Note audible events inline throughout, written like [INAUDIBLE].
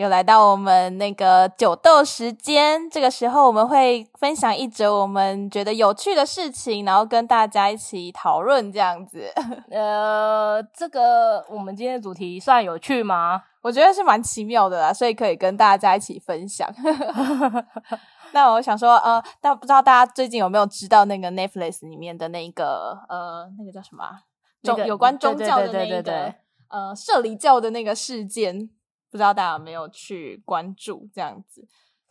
又來到我們那個酒豆時間，這個時候我們會分享一則我們覺得有趣的事情，然後跟大家一起討論這樣子。呃，這個我們今天的主題算有趣嗎？我覺得是蠻奇妙的啦，所以可以跟大家一起分享。 [LAUGHS] [LAUGHS] [LAUGHS] 那我想說，呃，但不知道大家最近有沒有知道那個 Netflix 裡面的那個呃，那個叫什麼、啊，那個？中有關宗教的對對對對對對對對那個呃，攝理教的那個事件。不知道大家有沒有去關注這樣子、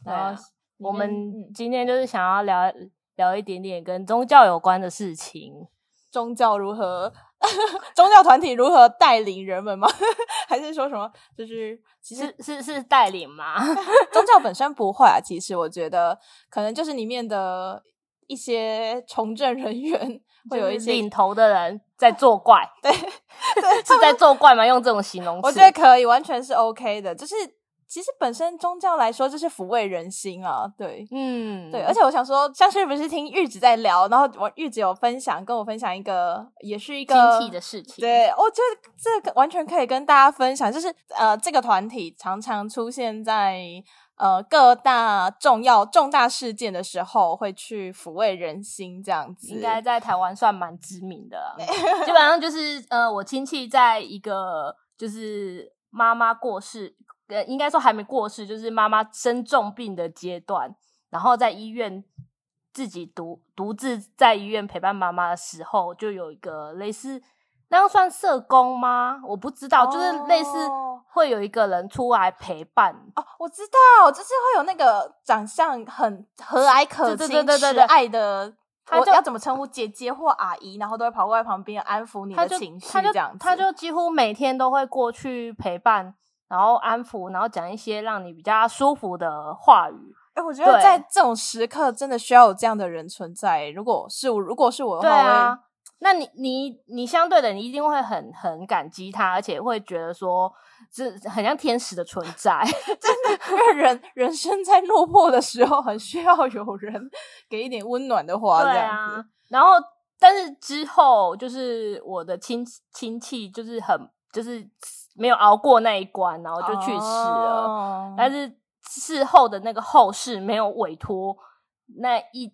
啊，然後我們今天就是想要聊聊一點點跟宗教有關的事情。宗教如何？ [LAUGHS] 宗教團體如何帶領人們嗎？ [LAUGHS] 還是說什麼？就是其實是是帶領嗎？ [LAUGHS] 宗教本身不會啊，其實我覺得可能就是裡面的一些從政人員。會有一些領頭的人在作怪 [LAUGHS] 對，對，是在作怪嗎？ [LAUGHS] 用這種形容詞，我覺得可以，完全是 OK 的。就是其實本身宗教來說，就是撫慰人心啊，對，嗯，對。而且我想說，上次不是聽玉子在聊，然後我玉子有分享，跟我分享一個也是一個新的事情。對，我覺得這個完全可以跟大家分享，就是呃，這個團體常常出現在。呃，各大重要重大事件的時候，會去撫慰人心，這樣子。應該在台灣算蠻知名的，基 [LAUGHS] 本上就是呃，我親戚在一個就是媽媽過世，應該說還沒過世，就是媽媽生重病的階段，然後在醫院自己獨獨自在醫院陪伴媽媽的時候，就有一個類似。那算社工嗎？我不知道，oh. 就是類似會有一個人出來陪伴哦。我知道，就是會有那個長相很和藹可親、慈愛的，我要怎麼稱呼姐姐或阿姨，然後都會跑過來旁邊安撫你的情緒，他就這樣子，他就幾乎每天都會過去陪伴，然後安撫，然後講一些讓你比較舒服的話語。哎、 [NOISE] 欸，我覺得在這種時刻，真的需要有這樣的人存在、欸。如果是我，如果是我 [NOISE] 的話會不會，我那你你你相對的，你一定會很很感激他，而且會覺得說，這很像天使的存在。 [LAUGHS] 真的， [LAUGHS] 因為人人生在落魄的時候，很需要有人給一點溫暖的話，對啊、這樣子。然後，但是之後，就是我的親親戚，就是很就是沒有熬過那一關，然後就去世了、哦。但是事後的那個後事沒有委託那一。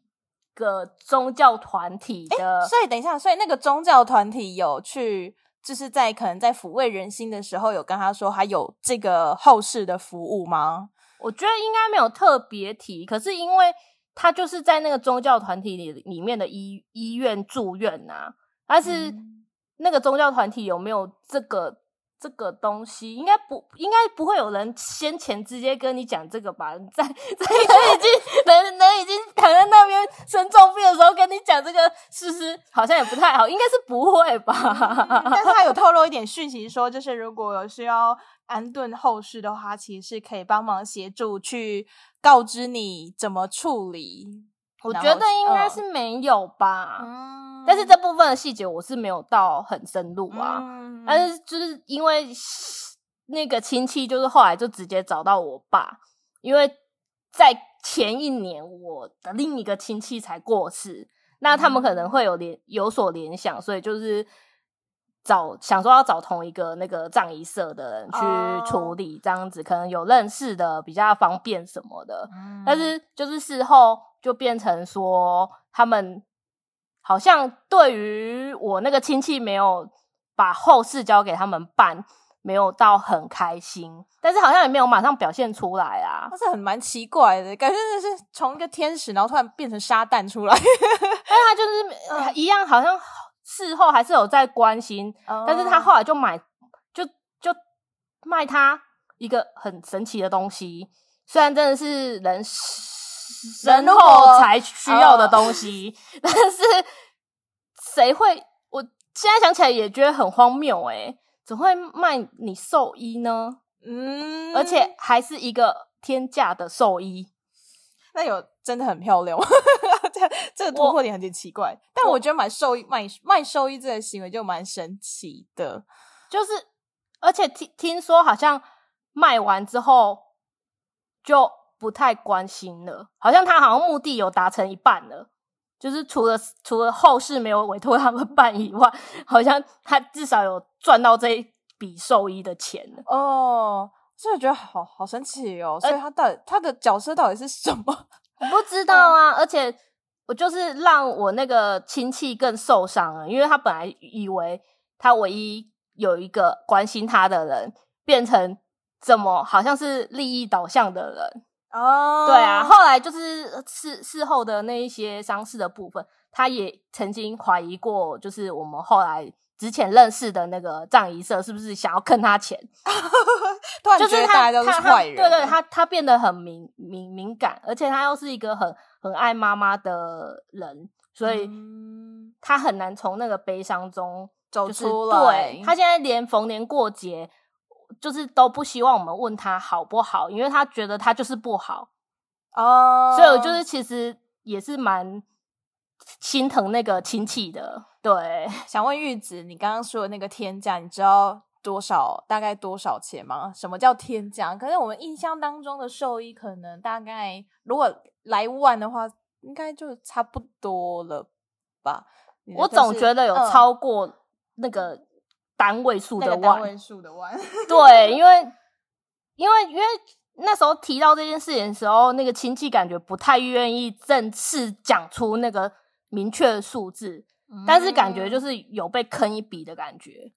個宗教團體的、欸，所以等一下，所以那個宗教團體有去，就是在可能在撫慰人心的時候，有跟他說還有這個後世的服務嗎？我覺得應該沒有特別提，可是因為他就是在那個宗教團體裡裡面的醫醫院住院吶、啊，但是那個宗教團體有沒有這個？這個東西應該不應該不會有人先前直接跟你講這個吧？在在人已經 [LAUGHS] 人人已經躺在那邊生重病的時候跟你講這個，事實好像也不太好， [LAUGHS] 應該是不會吧？但是他有透露一點訊息，說就是如果有需要安頓後事的話，其實是可以幫忙協助去告知你怎麼處理。我覺得應該是沒有吧、哦，但是這部分的細節我是沒有到很深入啊。嗯、但是就是因為那個親戚，就是後來就直接找到我爸，因為在前一年我的另一個親戚才過世，那他們可能會有聯有所聯想，所以就是。找想說要找同一個那個葬儀社的人去處理，這樣子，oh. 可能有認識的比較方便什麼的。Mm. 但是就是事後就變成說他們好像對於我那個親戚沒有把後事交給他們辦，沒有到很開心，但是好像也沒有馬上表現出來啊。他、哦、是很蠻奇怪的感覺，就是從一個天使，然後突然變成撒旦出來， [LAUGHS] 但他就是、呃、一樣好像。事後還是有在關心，oh. 但是他後來就買，就就賣他一個很神奇的東西，雖然真的是人，身後才需要的東西，oh. 但是誰會？我現在想起來也覺得很荒謬哎、欸，怎麼會賣你壽衣呢？嗯、mm.，而且還是一個天價的壽衣，那有真的很漂亮。 [LAUGHS] [LAUGHS] 這個突破點有點奇怪，但我覺得買壽衣賣賣壽衣這個行為就蠻神奇的，就是而且聽聽說好像賣完之後就不太關心了，好像他好像目的有達成一半了，就是除了除了後事沒有委托他們辦以外，好像他至少有賺到這一筆壽衣的錢了哦，所以我覺得好好神奇哦、欸，所以他到底他的角色到底是什麼？我不知道啊，嗯、而且。我就是讓我那個親戚更受傷了，因為他本來以為他唯一有一個關心他的人，變成怎麼好像是利益導向的人哦，oh. 對啊。後來就是事事後的那一些傷勢的部分，他也曾經懷疑過，就是我們後來之前認識的那個葬儀社是不是想要坑他錢。 [LAUGHS] 突然都是壞人就是他，他，對，對他，他變得很敏敏敏感，而且他又是一個很很愛媽媽的人，所以他很難從那個悲傷中、就是、走出來對。他現在連逢年過節，就是都不希望我們問他好不好，因為他覺得他就是不好哦。Um, 所以我就是其實也是蠻心疼那個親戚的。對，想問玉子，你剛剛說的那個天價，你知道？多少，大概多少錢嗎？什麼叫天價？可是我們印象當中的獸醫，可能大概如果來萬的話，應該就差不多了吧？我總覺得有超過那個單位數的萬，嗯，那個單位數的萬。對，因為因為因為那時候提到這件事情的時候，那個親戚感覺不太願意正式講出那個明確的數字，嗯，但是感覺就是有被坑一筆的感覺。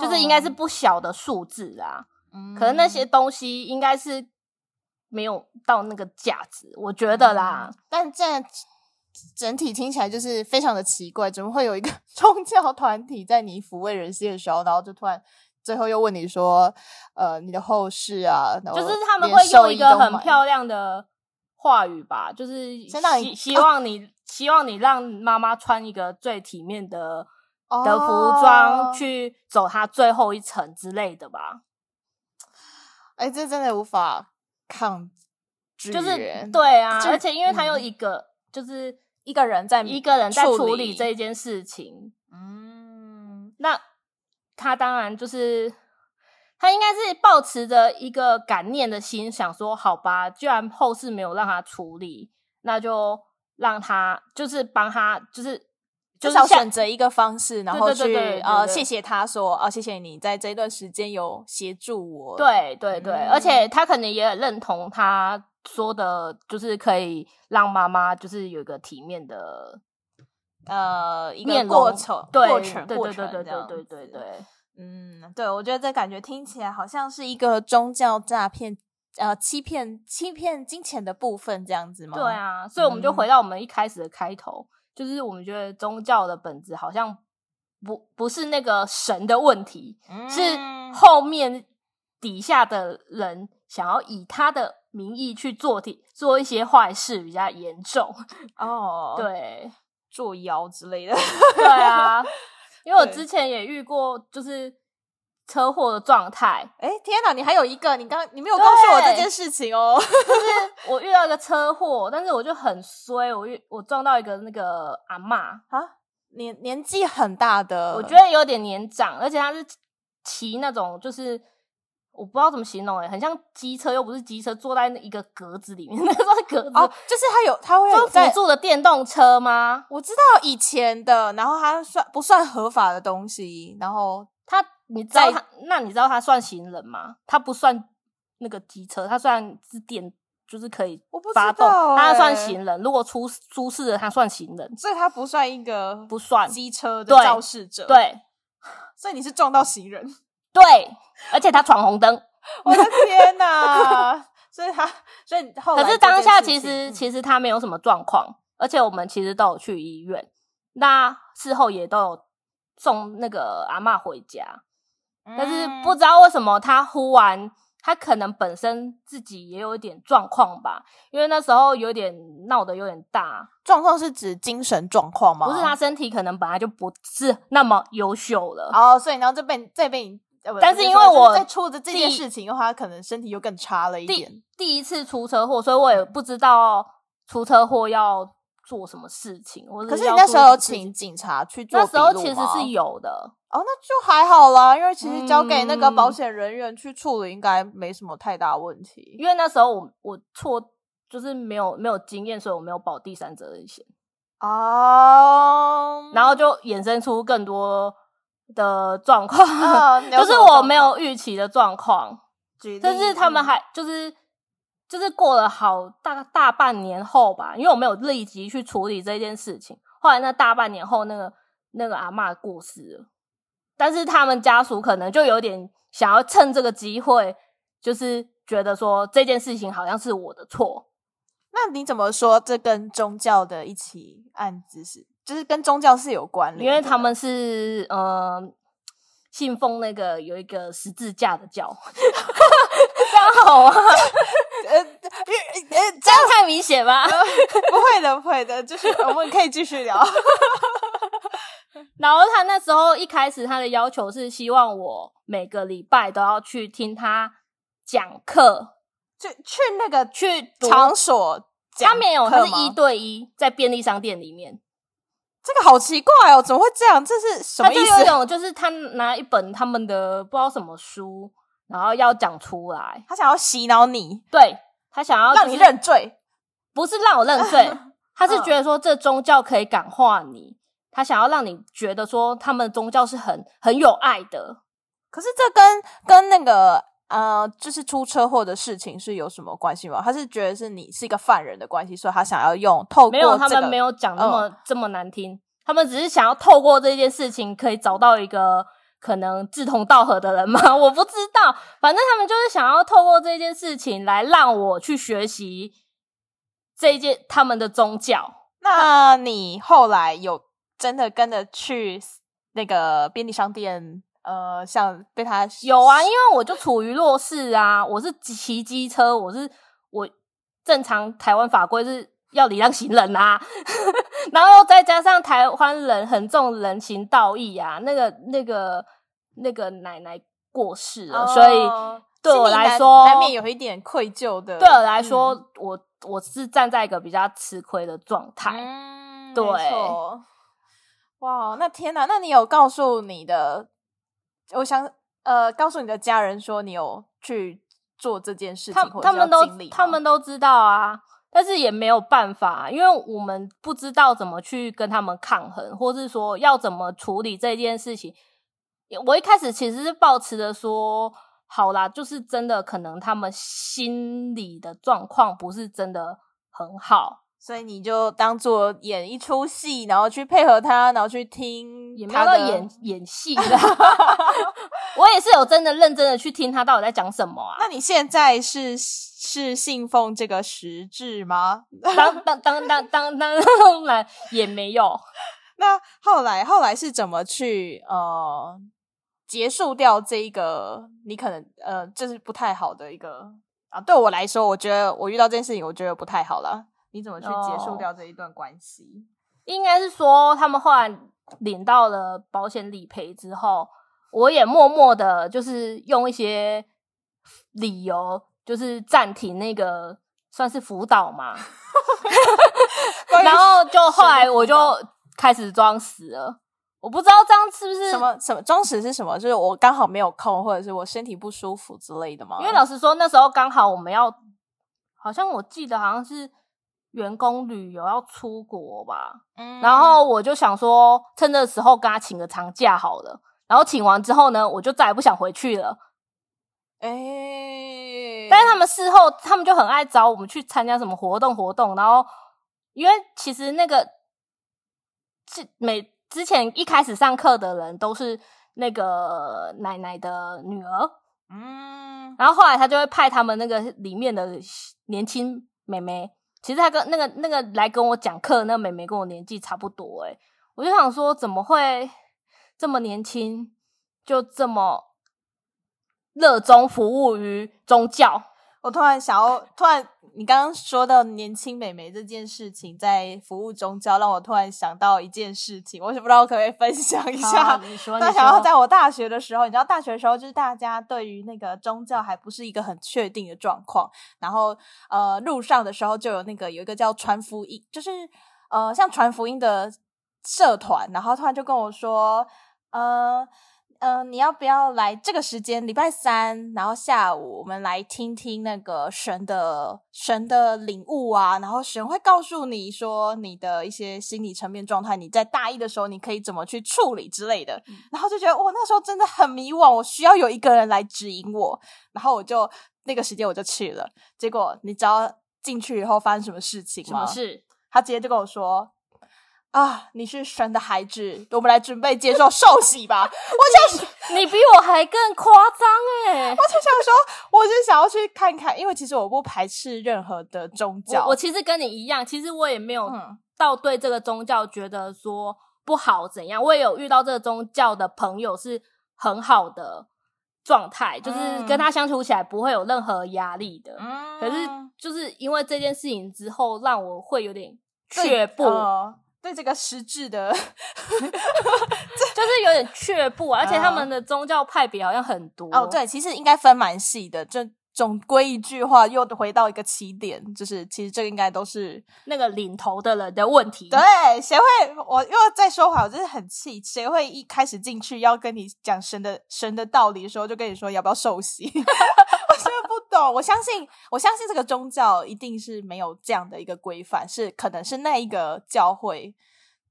就是應該是不小的數字啊，嗯，可能那些東西應該是沒有到那個價值，嗯，我覺得啦。但這樣整體聽起來就是非常的奇怪，怎麼會有一個宗教團體在你撫慰人心的時候，然後就突然最後又問你說：“呃，你的後事啊後？”就是他們會用一個很漂亮的話語吧，就是希希望你，啊，希望你讓媽媽穿一個最體面的。Oh, 的服裝去走他最後一程之類的吧。哎、欸，這真的無法抗拒。就是對啊，而且因為他有一個，嗯、就是一個人在一個人在處理，處理這一件事情。嗯，那他當然就是他應該是抱持着一個感念的心，想說好吧，居然後世沒有讓他處理，那就讓他就是幫他就是。就是要選擇一個方式，對對對對，然後去呃對對對，謝謝他說，哦，謝謝你，在這段時間有協助我。對對對，嗯、而且他可能也很認同他說的，就是可以讓媽媽就是有一個體面的面，呃，一個過程，過程，過程，對對對對，對，對對，嗯，對，我覺得這感覺聽起來好像是一個宗教詐騙。呃，欺騙欺騙金錢的部分這樣子嗎？對啊，所以我們就回到我們一開始的開頭，嗯、就是我們覺得宗教的本質好像不不是那個神的問題、嗯，是後面底下的人想要以他的名義去做題做一些壞事比較嚴重哦，對，作妖之類的，對啊，因為我之前也遇過，就是。車禍的狀態，哎、欸、天哪！你還有一個，你剛你沒有告訴我這件事情哦，就是我遇到一個車禍，但是我就很衰，我遇我撞到一個那個阿嬤啊，年年紀很大的，我覺得有點年長，而且他是騎那種，就是我不知道怎麼形容哎、欸，很像機車，又不是機車，坐在那一個格子裡面，坐在格子哦、啊，就是他有他會有輔助的電動車嗎？我知道以前的，然後他算不算合法的東西？然後他。你知道他知道？那你知道他算行人嗎？他不算那個機車，他算是電，就是可以發動，我不知道欸。他算行人。如果出，出事了，他算行人，所以他不算一個不算機車的肇事者對。對，所以你是撞到行人。對，而且他闖紅燈， [LAUGHS] 我的天哪！ [LAUGHS] 所以他所以後可是當下其實、嗯、其實他沒有什麼狀況，而且我們其實都有去醫院，那事後也都有送那個阿嬤回家。嗯，但是不知道為什麼他忽然，他可能本身自己也有一點狀況吧，因為那時候有點鬧得有點大。狀況是指精神狀況嗎？不是，他身體可能本來就不是那麼優秀了。哦，所以然後這邊這邊，但是因為我在出的這件事情的話，的他可能身體又更差了一點。第、第一次出車禍，所以我也不知道出車禍要做什麼事情，嗯，可是你那時候有請警察去做筆錄嗎？那時候其實是有的。哦，那就還好啦，因為其實交給那個保險人員去處理，應該沒什麼太大問題。嗯、因為那時候我我錯，就是沒有沒有經驗，所以我沒有保第三者險。哦、啊，然後就衍生出更多的狀況，啊、 [LAUGHS] 就是我沒有預期的狀況。就是他們還就是就是過了好大大半年後吧，因為我沒有立即去處理這件事情。後來那大半年後，那個那個阿嬤過世了。但是他們家屬可能就有點想要趁這個機會，就是覺得說這件事情好像是我的錯。那你怎麼說？這跟宗教的一起案子是，就是跟宗教是有關的，因為他們是呃信奉那個有一個十字架的教，剛 [LAUGHS] 好啊、 [LAUGHS] 呃呃呃，這樣太明顯吧、 [LAUGHS] 呃。不會的，不會的，就是我們可以繼續聊。 [LAUGHS] 然後他那時候一開始他的要求是希望我每個禮拜都要去聽他講課，去去那個去場所講課。他沒有，他是一對一在便利商店裡面。這個好奇怪哦，怎麼會這樣？這是什麼意思？他就，有就是他拿一本他們的不知道什麼書，然後要講出來。他想要洗腦你，對他想要、就是、讓你認罪，不是讓我認罪、啊，他是覺得說這宗教可以感化你。他想要讓你覺得說他們的宗教是很很有愛的，可是，這跟跟那個呃，就是出車禍的事情是有什麼關係嗎？他是覺得是你是一個犯人的關係，所以他想要用透過、這個，沒有他們沒有講那麼、哦、這麼難聽，他們只是想要透過這件事情可以找到一個可能志同道合的人嗎？我不知道，反正他們就是想要透過這件事情來讓我去學習這一件他們的宗教。那你後來有？真的跟着去那個便利商店，呃，像被他洗有啊，因為我就處於弱勢啊，我是騎機車，我是我正常台灣法規是要禮讓行人啊， [LAUGHS] 然後再加上台灣人很重人情道義啊，那個那個那個奶奶過世了，哦、所以對我來說難免有一點愧疚的。對我來說，嗯、我我是站在一個比較吃虧的狀態、嗯，對。哇、wow，那天吶，那你有告訴你的，我想，呃，告訴你的家人說你有去做這件事情？他們他們都他們都知道啊，但是也沒有辦法，啊，因為我們不知道怎麼去跟他們抗衡，或是說要怎麼處理這件事情。我一開始其實是抱持着說，好啦，就是真的，可能他們心裡的狀況不是真的很好。所以你就當做演一出戲，然後去配合他，然後去聽他的演 [LAUGHS] 演戲戲。 [LAUGHS] [LAUGHS] [LAUGHS] 我也是有真的認真的去聽他到底在講什麼啊？那你現在是是信奉這個實質嗎？ [LAUGHS] 當當當當當當然也沒有。 [LAUGHS] 那後來後來是怎麼去呃結束掉這一個？你可能呃這、就是不太好的一個啊。對我來說，我覺得我遇到這件事情，我覺得不太好了。你怎麼去結束掉這一段關係？Oh, 應該是說他們後來領到了保險理賠之後，我也默默的就是用一些理由，就是暫停那個算是輔導嘛。 [LAUGHS] [LAUGHS] [LAUGHS] [LAUGHS] [LAUGHS] 然後就後來我就開始裝死了，我不知道這樣是不是什麼什麼。裝死是什麼？就是我剛好沒有空，或者是我身體不舒服之類的嗎？因為老實說那時候剛好我們要，好像我記得好像是。員工旅遊要出國吧。嗯，然後我就想說，趁這時候跟他請個長假好了。然後請完之後呢，我就再也不想回去了。哎、欸，但是他們事後，他們就很愛找我們去參加什麼活動活動。然後，因為其實那個，是每之前一開始上課的人都是那個奶奶的女兒，嗯，然後後來他就會派他們那個裡面的年輕妹妹。其實他跟那個那個來跟我講課那個美眉，跟我年紀差不多誒、欸，我就想說怎麼會這麼年輕就這麼熱衷服務於宗教？我突然想要，突然，你剛剛說到年輕美眉這件事情，在服務宗教，讓我突然想到一件事情，我也不知道我可不可以分享一下。你說你說。那想要在我大學的時候，你知道，大學的時候就是大家對於那個宗教還不是一個很確定的狀況，然後呃，路上的時候就有那個有一個叫傳福音，就是呃，像傳福音的社團，然後突然就跟我說，嗯、呃。嗯、呃，你要不要來這個時間？禮拜三，然後下午，我們來聽聽那個神的神的領悟啊。然後神會告訴你說你的一些心理層面狀態，你在大一的時候，你可以怎麼去處理之類的。嗯、然後就覺得哇，那時候真的很迷惘，我需要有一個人來指引我。然後我就那個時間我就去了。結果你知道進去以後，發生什麼事情嗎？什麼事？他直接就跟我說。啊！你是神的孩子，我們來準備接受受洗吧。 [LAUGHS] 我就是你比我還更誇張哎！我就想說，我就想要去看看，因為其實我不排斥任何的宗教。我，我其實跟你一樣，其實我也沒有到對這個宗教覺得說不好怎樣。我也有遇到這個宗教的朋友是很好的狀態，就是跟他相處起來不會有任何壓力的、嗯。可是就是因為這件事情之後，讓我會有點卻步。嗯呃對這個實質的， [LAUGHS] 就是有點卻步，而且他們的宗教派別好像很多。哦，對，其實應該分蠻細的。就總歸一句話，又回到一個起點，就是其實這個應該都是那個領頭的人的問題。對，誰會？我又在說話，我真的很氣。誰會一開始進去要跟你講神的神的道理的時候，就跟你說要不要受洗？ [LAUGHS] 我相信，我相信這個宗教一定是沒有這樣的一個規範，是可能是那一個教會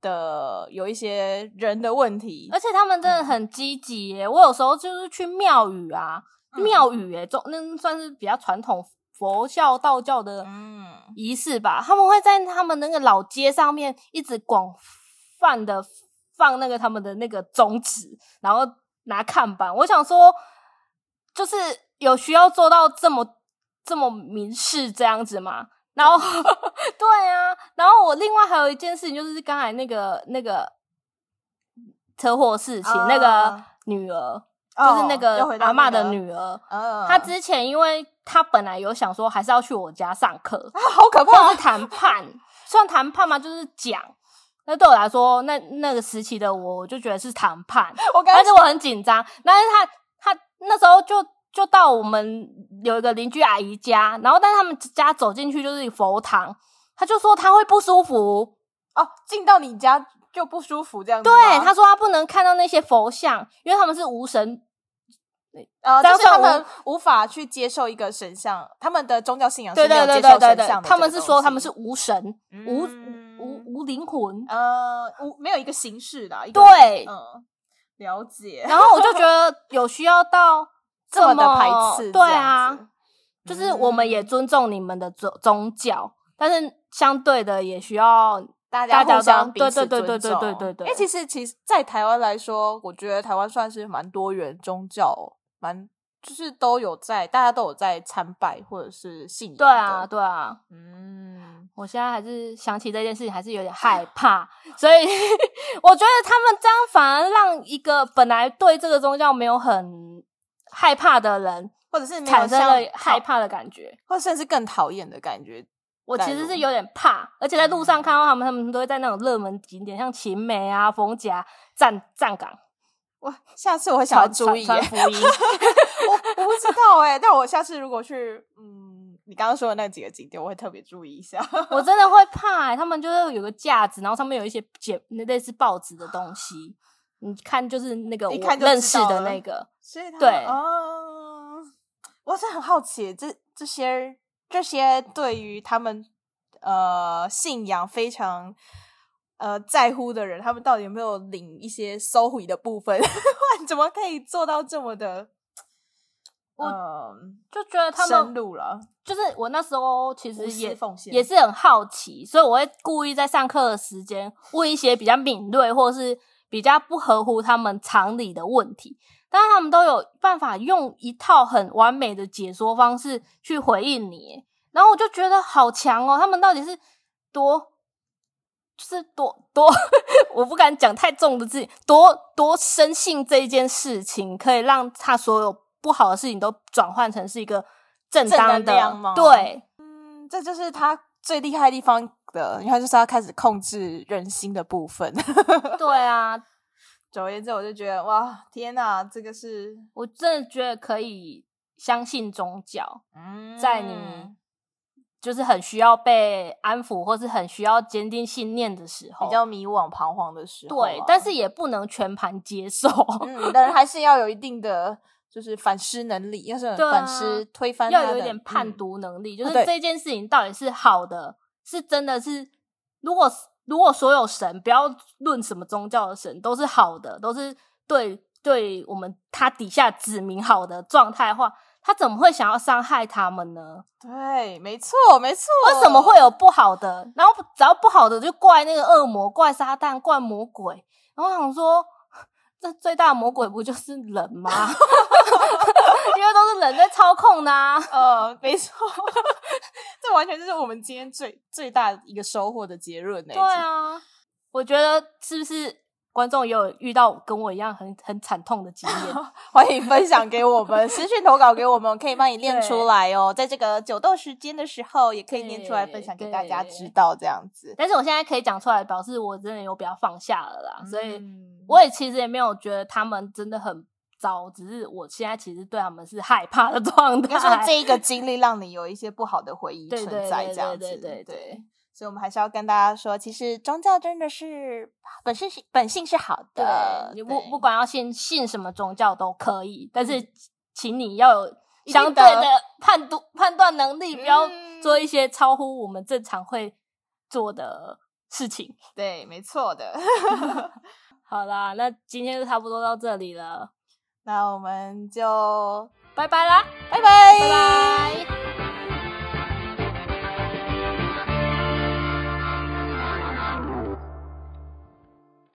的有一些人的問題，而且他們真的很積極、嗯。我有時候就是去廟宇啊，嗯、廟宇誒，中那算是比較傳統佛教、道教的儀式吧，嗯、他們會在他們那個老街上面一直廣泛的放那個他們的那個宗旨，然後拿看板。我想說，就是。有需要做到這麼這麼明示這樣子嗎？然後、哦、 [LAUGHS] 對啊，然後我另外還有一件事情，就是剛才那個那個車禍事情、哦，那個女兒、哦、就是那個阿媽的女兒、那個，她之前因為她本來有想說還是要去我家上課，啊，好可怕、哦！是談判 [LAUGHS] 算談判嘛？就是講，那對我來說，那那個時期的我，我就覺得是談判，但是我很緊張，但是她她那時候就。就到我們有一個鄰居阿姨家，然後但他們家走進去就是佛堂，他就說他會不舒服哦，進到你家就不舒服這樣子。對，他說他不能看到那些佛像，因為他們是無神，呃，但、就是他們無，無法去接受一個神像，他們的宗教信仰是不要接受神像，對對的。他們是說他們是無神、無、嗯、無無靈魂，呃，無沒有一個形式的。對，嗯，了解。然後我就覺得有需要到。這麼的排斥，對啊、嗯，就是我們也尊重你們的宗宗教、嗯，但是相對的也需要大家互相大家彼此尊重。對對對對對。其實其實，其實在台灣來說，我覺得台灣算是蠻多元宗教，蠻就是都有在，大家都有在參拜或者是信仰。對啊，對啊。嗯，我現在還是想起這件事情，還是有點害怕。 [LAUGHS] 所以 [LAUGHS] 我覺得他們這樣反而讓一個本來對這個宗教沒有很。害怕的人，或者是產生了害怕的感覺，或甚至更討厭的感覺。我其實是有點怕，而且在路上看到他們，嗯、他們都會在那種熱門景點，像秦美啊、逢甲站站崗。我下次我會想要注意。 [LAUGHS] 我我不知道哎， [LAUGHS] 但我下次如果去，嗯，你剛剛說的那幾個景點，我會特別注意一下。 [LAUGHS] 我真的會怕哎，他們就是有個架子，然後上面有一些簡類似報紙的東西。你看，就是那個我認識的那個，所以他對、哦，我是很好奇，這這些這些對於他們呃信仰非常呃在乎的人，他們到底有沒有領一些收回的部分？ [LAUGHS] 怎麼可以做到這麼的？我就覺得他們深入了。就是我那時候其實也也是很好奇，所以我會故意在上課的時間問一些比較敏銳或者是。比較不合乎他們常理的問題，但是他們都有辦法用一套很完美的解說方式去回應你，然後我就覺得好強哦、喔！他們到底是多，就是多多呵呵，我不敢講太重的字，多多深信這一件事情，可以讓他所有不好的事情都轉換成是一個正當的正常嗎？對，嗯，這就是他最厲害的地方的，因為他就是要開始控制人心的部分。 [LAUGHS] 對啊，總而言之，我就覺得哇，天哪，這個是我真的覺得可以相信宗教。嗯，在你就是很需要被安撫，或是很需要堅定信念的時候，比較迷惘彷徨，徨的時候啊，對，但是也不能全盤接受， [LAUGHS] 嗯，但是還是要有一定的就是反思能力，要是反思推翻，要有一點判讀能力，嗯，就是這件事情到底是好的。是真的是，如果如果所有神不要論什麼宗教的神都是好的，都是對，對我們他底下子民好的狀態話，他怎麼會想要傷害他們呢？對，沒錯，沒錯。為什麼會有不好的？然後只要不好的就怪那個惡魔、怪撒旦、怪魔鬼。然後我想說，這最大的魔鬼不就是人嗎？ [LAUGHS] [LAUGHS] 因為都是人在操控吶。啊，呃，沒錯， [LAUGHS] 這完全就是我們今天最最大一個收穫的結論呢、欸。對啊，我覺得是不是觀眾也有遇到跟我一樣很很慘痛的經驗？ [LAUGHS] 歡迎分享給我們， [LAUGHS] 私訊投稿給我們，可以幫你念出來哦。在這個酒豆時間的時候，也可以念出來分享給大家知道這樣子。但是我現在可以講出來，表示我真的有比較放下了啦、嗯，所以我也其實也沒有覺得他們真的很。糟，只是我現在其實對他們是害怕的狀態。就是這一個經歷，讓你有一些不好的回憶存在，這樣子。 [LAUGHS] 對對,對,對,對,對,對,對,對對。所以，我們還是要跟大家說，其實宗教真的是本身是本性是好的。你不不管要信信什麼宗教都可以，但是請你要有相對的判斷判斷能力，不要做一些超乎我們正常會做的事情。對，沒錯的。 [LAUGHS] [LAUGHS] 好啦，那今天就差不多到這裡了。那我們就拜拜啦，拜拜。拜拜。拜拜。